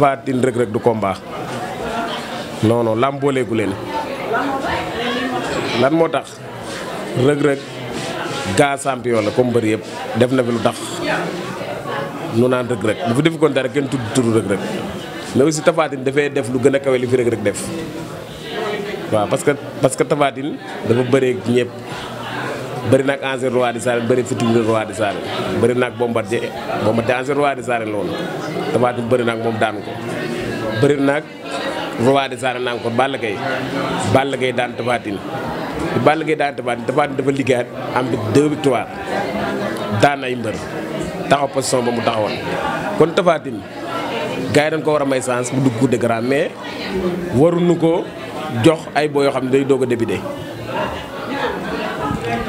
Tapha Tine Reug du combat non non leen lan moo tax Reug Reug gaa champion la comme bëri yëpp def na fi lu tax nu naan Reug Reug bu fi def koon dara kenn tudd tudd Reug Reug mais aussi Tapha dafay def lu gën a kawe li fi Reug Reug def waaw parce que parce que Tapha Tine dafa bëree ñëpp. bëri nag ancien roi des arènes bëri futur roi des arènes bëri nag Bombardier Bombardier ancien roi des arènes la woon Tapha Tine bëri nag moom daan ko bëri nag roi des arènes naan ko Balla Gaye Balla Gaye daan Tapha Tine Balla Gaye daan Tapha Tine Tapha dafa liggéeyaat am deux daan ay mbër taxaw position ba mu taxawoon kon Tapha Tine gars ko war a may chance mu dugg coup de grâce mais waruñu ko jox ay boo yoo xam ne day doog a débuté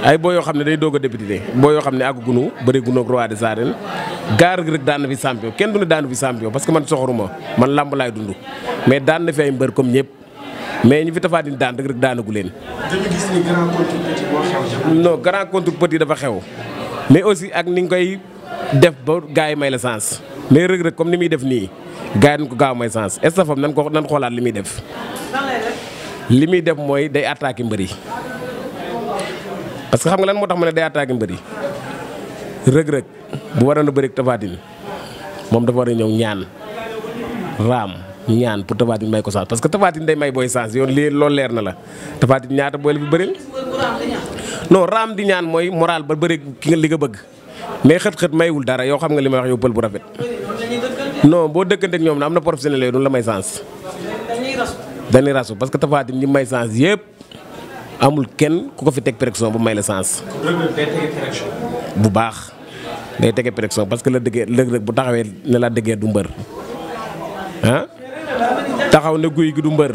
ay boo yoo xam ne day doog a débuté boo yoo xam ne àggagunu bëri gunóog roi des arènes gaar rek daan na fi champion kenn du ne daan na fi champion parce que man soxoruma man làmb laay dund mais daan na fi ay mbër comme ñëpp mais ñu fi Tapha Tine daan rek rek daanagu leen. dañu gis ni dafa xew mais aussi ak ni nga koy def ba gaa yi may la sens mais rëg rëg comme ni muy def nii gars yi dañ ko gaaw may sens estafam nan ko nan xoolaat li muy def. li muy def mooy day attaqué mbër yi parce que xam nga lan moo tax ma ne day attaqué mbër yi rëg-rëg bu waroon na bëri ak Tapha moom dafa war a ñëw ñaan raam ñaan pour Tapha Tine may parce que Tapha Tine day may booy chance yoon lii loolu leer na la ñaata booy la fi bëril non di ñaan mooy moral ba bëri ki li nga bëgg mais xët-xët maywul dara yow xam nga li may wax yow pël bu rafet non boo dëkkanteeg ñoom na am na professionnel yooyu du la may chance rasu parce que Tapha Tine ñi may chance yëpp amul kenn ku ko fi teg pression bu may la sens. bu baax day tege pression parce que la dëggee lëg-lëg bu taxawee ne la dëggee du mbër taxaw ne guy gi du mbër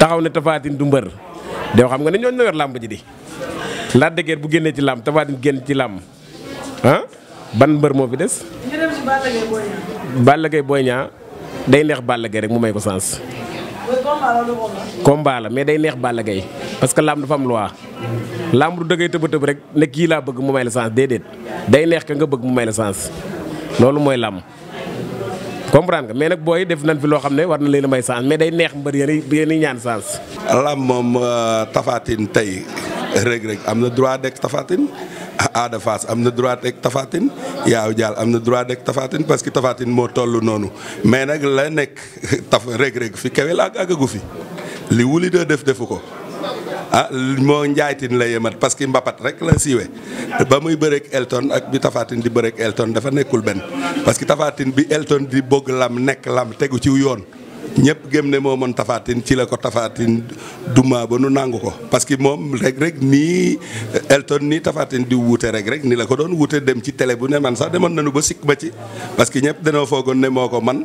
taxaw ne tafaatin du mbër de xam nga ne ñooñu la yor làmb ji di la dëggee bu génnee ci làmb tafaatin génn ci làmb ban mbër moo fi des. Balla Gaye Boy Niang day neex Balla Gaye rek mu may ko sens. combat la mais day neex Balla Gaye parce que làmb dafa am loi làmb du dëggay tëb tëb rek ne kii laa bëgg mu may la sens déedéet day neex ka nga bëgg mu may la sens loolu mooy làmb comprendre nga mais nag booy def nañ fi loo xam ne war na leen a may sens mais day neex mbër yéen yéen ñaan sens. làmb moom euh, Tafatine tey Reug Reug am na droit dekk tafaatin Ada fas am na droit dekk Tafatine Yaaw Jaal am na droit dekk tafaatin parce que Tafatine moo tollu noonu mais nag la nekk taf Reug Reug fi kawe ak àggagu fi li wuli def defu ko. ah moo njaaytin la yemat parce que mbapat rek la siiwe ba muy bëreek Elton ak bi Tafatine di bëreeg Elton dafa nekkul benn parce que Tafatine bi Elton di bëgg lam nekk lam tegu ci yoon ñëpp gëm ne moo mën Tafatine ci la ko tafaatin duma ba nu nangu ko parce que moom rek rek nii Elton nii Tafatine di wuute rek rek ni la ko doon wuute dem ci télé bu ne man sax demoon nañu ba sikk ma ci parce que ñëpp danoo foogoon ne moo ko man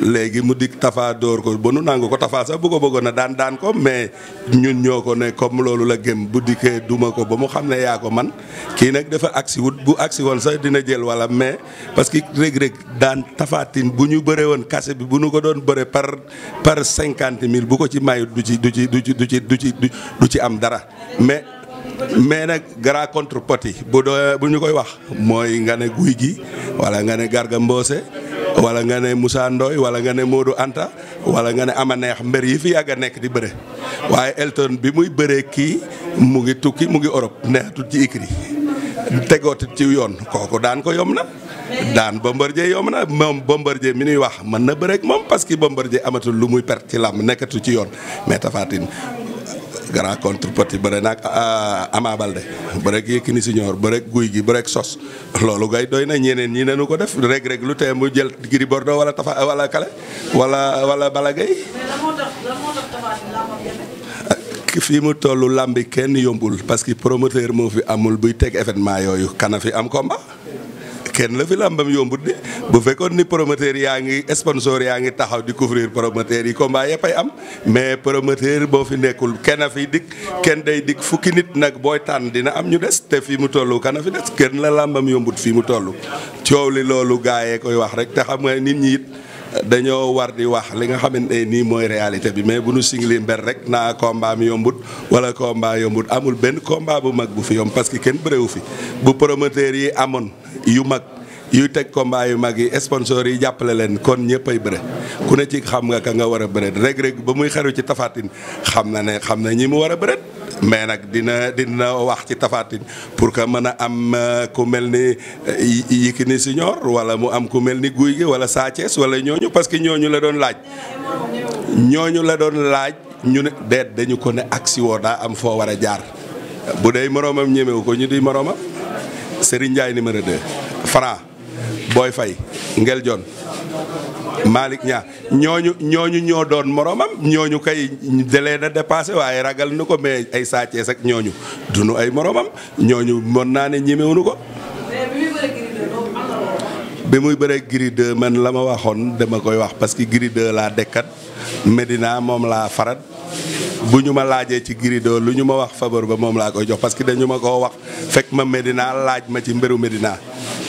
léegi mu dig Tafa dóor ko ba nu nangu ko tafaa sax bu ko bëggoon na daan daan ko mais ñun ñoo ko ne comme loolu la gëm bu dikkee duma ko ba mu xam ne yaa ko man kii nag dafa agsi wut bu agsi woon sax dina jël wala mais parce que Reug Reug daan tafaatin bu ñu bëree woon kase bi bu nu ko doon bëree par par cinquante mille bu ko ci mayut du ci du ci du ci du ci du ci du ci am dara mais. mais nag grand contre poti bu doo bu ñu koy wax mooy nga ne guy gi wala nga ne garga mboose wala nga ne Moussa Ndoye wala nga ne Modou Anta wala nga ne ama neex mbër yi fi yàgg a nekk di bëre waaye Elton bi muy bëree kii mu ngi tukki mu ngi Europe neexatul ci ikri tegootit ci yoon kooku daan ko yom na daan Bombardier yomb na moom Bombardier mi nuy wax mën na bëreek moom parce que Bombardier amatul lu muy perte ci làmb nekkatu ci yoon mais Tapha grand contre petit bëre nag ah, ah, Ama Balde bëre ak Yékini Senior bëre guy gi bëre ak sos loolu gay doy na ñeneen ñi nañu ko def rek rek lu tee mu jël Gris Bordeaux wala Tafa wala Kale wala wala Balla Gaye fii mu tollu làmbi kenn yombul parce que promoteur moo fi amul buy teg événement yooyu kana fi am combat kenn la fi làmbam yombut de bu fekkoon ni promoteur yaa ngi sponsor yaa ngi taxaw di couvrir promoteur yi combat yëpp ay am mais promoteur boo fi nekkul kenn a fiy dikk kenn day dikk fukki nit nag booy tànn dina am ñu des te fii mu tollu kana fi des kenn la làmbam yombut fii mu toll coow li loolu gaayee koy wax rek te xam nga nit ñi it dañoo war di wax li nga xamante ne nii mooy réalité bi mais bu nu singli mber rek naa combat mi yombut wala combat yombut amul benn combat bu mag bu fi yomb parce que kenn bëreewu fi bu promoteur yi amoon yu mag yu teg combat yu mag yi sponsor yi jàppale leen kon ñëpp ay bëre ku ne ci xam nga ka nga war a bëre Reug Reug ba muy xaru ci Tapha xam na ne xam na ñi mu war a bëre mais nag dina dina wax ci tafaatin pour que mën a am euh, ku mel ni euh, Yékini Senior wala mu am ku mel ni Gouye Gui wala Sa Thiès wala ñooñu parce que ñooñu la doon laaj ñooñu la doon laaj ñu ne deet dañu ko ne aksi woo daa am foo war a jaar bu dee moroomam ñemewu ko ñu di moroomam Serigne Ndiaye numéro 2 Franc booy fay Ngel John Malick ñaa ñooñu ñooñu ñoo doon moroomam ñooñu kay delee na dépassé waaye ragal nu ko mais ay Sa Thiès ak ñooñu duñu ay moroomam ñooñu mën naa ne ñemewuñu ko. bi muy bëree Gris 2 man la ma waxoon dama koy wax parce que Gris 2 laa dekkat Medina moom laa farat. bu ñu ma laajee ci girido lu ñu ma wax faveur ba moom laa koy jox parce que dañu ma koo wax fekk ma Medina laaj ma ci mbiru Medina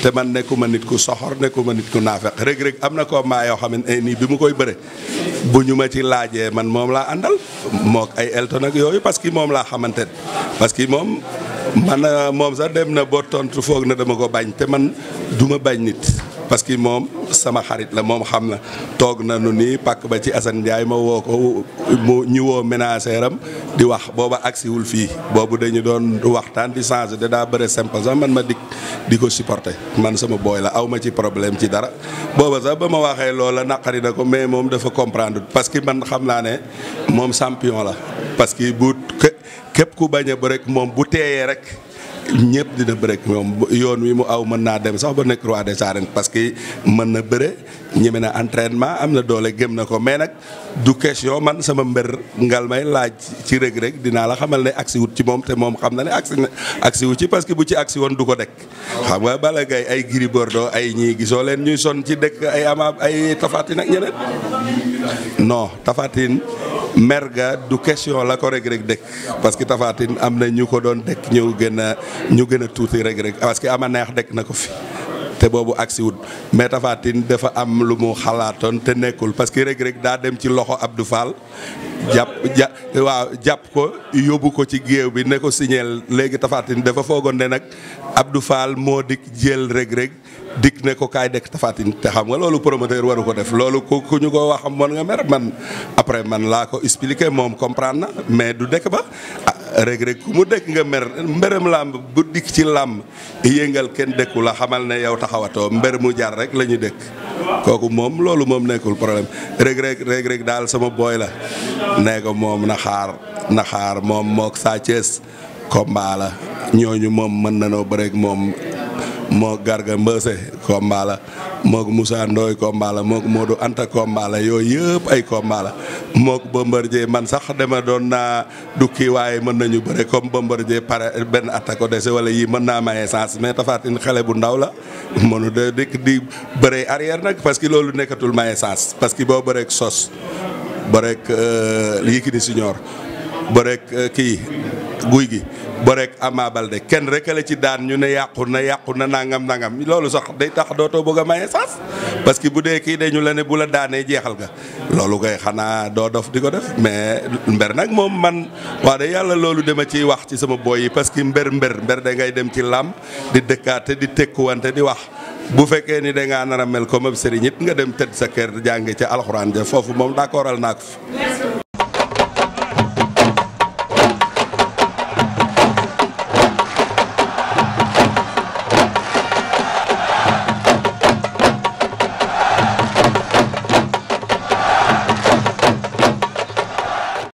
te man nekkuma nit ku soxor nekkuma nit ku naafeq Reug Reug am na combat yoo xamante ne nii bi mu koy bëre bu ñu ma ci laajee man moom laa àndal mook ay elto nag yooyu parce que moom laa xamante ne parce que moom man moom sax dem na boo tontu foog na dama ko bañ te man duma bañ nit parce que moom sama xarit la moom xam na toog na nu nii pàkk ba ci Assane Ndiaye ma woo ko mu ñu woo ménagère am di wax booba agsiwul fii boobu dañu doon waxtaan di changé da daa bëre simple sax man ma dikk di ko supporté man sama booy la aw ma ci problème ci dara booba sax ba ma waxee loola naqari na ko mais moom dafa comprendre parce que man xam naa ne moom champion la parce que bu képp ku bañ a bu rek moom bu teeyee rek ñëpp dina bëre moom yoon wi mu aw mën naa dem sax ba nekk roi des arènes parce que mën na bëre ñeme na entraînement am na doole gëm na ko mais nag du question man sama mbër ngal may laaj ci Reug Reug dinaa la xamal ne agsi wut ci moom te moom xam na ne agsi na agsi wut ci parce que bu ci agsi woon du ko dekk xam nga Balla Gaye ay Gris Bordeaux ay ñii gisoo leen ñuy son ci dëkk ay ama ay Tapha Tine ak ñeneen non Tapha mer ga du question la ko Reug Reug dëkk parce que Tapha am na ñu ko doon dëkk ñu gën a ñu gën a tuuti Reug Reug parce que ama neex dëkk na ko fi te boobu agsi wut mais Tapha dafa am lu mu xalaatoon te nekkul parce que Reug Reug daa dem ci loxo Abdou Fall jàpp ja waaw jàpp ko yóbbu ko ci géew bi ne ko signeel léegi Tapha dafa foogoon de nag Abdou Fall moo dikk jël Reug Reug dikk ne ko kaay dekk tafaatin te xam nga loolu promoteur waru ko def loolu ku ku ñu ko wax mën nga mer man après man laa ko expliqué moom comprendre na mais du dekk ba ah Reug ku mu dekk nga mer mbërëm làmb bu dikk ci làmb yëngal kenn dekku la xamal ne yow taxawatoo mber mu jar rek la ñu dekk kooku moom loolu moom nekkul problème Reug Reug daal sama booy la nee ko moom na xaar na xaar moom mook Sa Thiès combat la ñooñu moom mën na nanoo bëreeg moom moo Garga Mbeuse combat la mook Moussa Ndoye combat la mook Modou Anta combat la yooyu yëpp ay combat la mook Bombardier man sax dama doon naa dukki waaye mën nañu bëre comme Bombardier pare benn attaque ko dese wala yii mën naa maye sens mais Tapha Tine xale bu ndaw la mënu de dikk di bëree arrière nag parce que loolu nekkatul maye sens parce que boo bëreek sos bëreek euh, Yékini Senior ba rek euh, kii guy gi ba rek Ama Baldé kenn rek la ci daan ñu ne yàqu na yàqu na nangam nangam loolu sax day tax dootoo bëgg a maye saas parce que bu dee kii dañu la ne bu la daanee jeexal ga loolu koy xanaa doo dof di ko def mais mber nag moom man wax dëgg yàlla loolu dama ciy wax ci sama booy yi parce que mber mber mber da ngay dem ci làmb di dëkkaate di tekkuwante di wax. bu fekkee ni da ngaa nar a mel comme ab sëriñ nga dem tëdd sa kër jànge ca alxuraan ja foofu moom d'accordal naa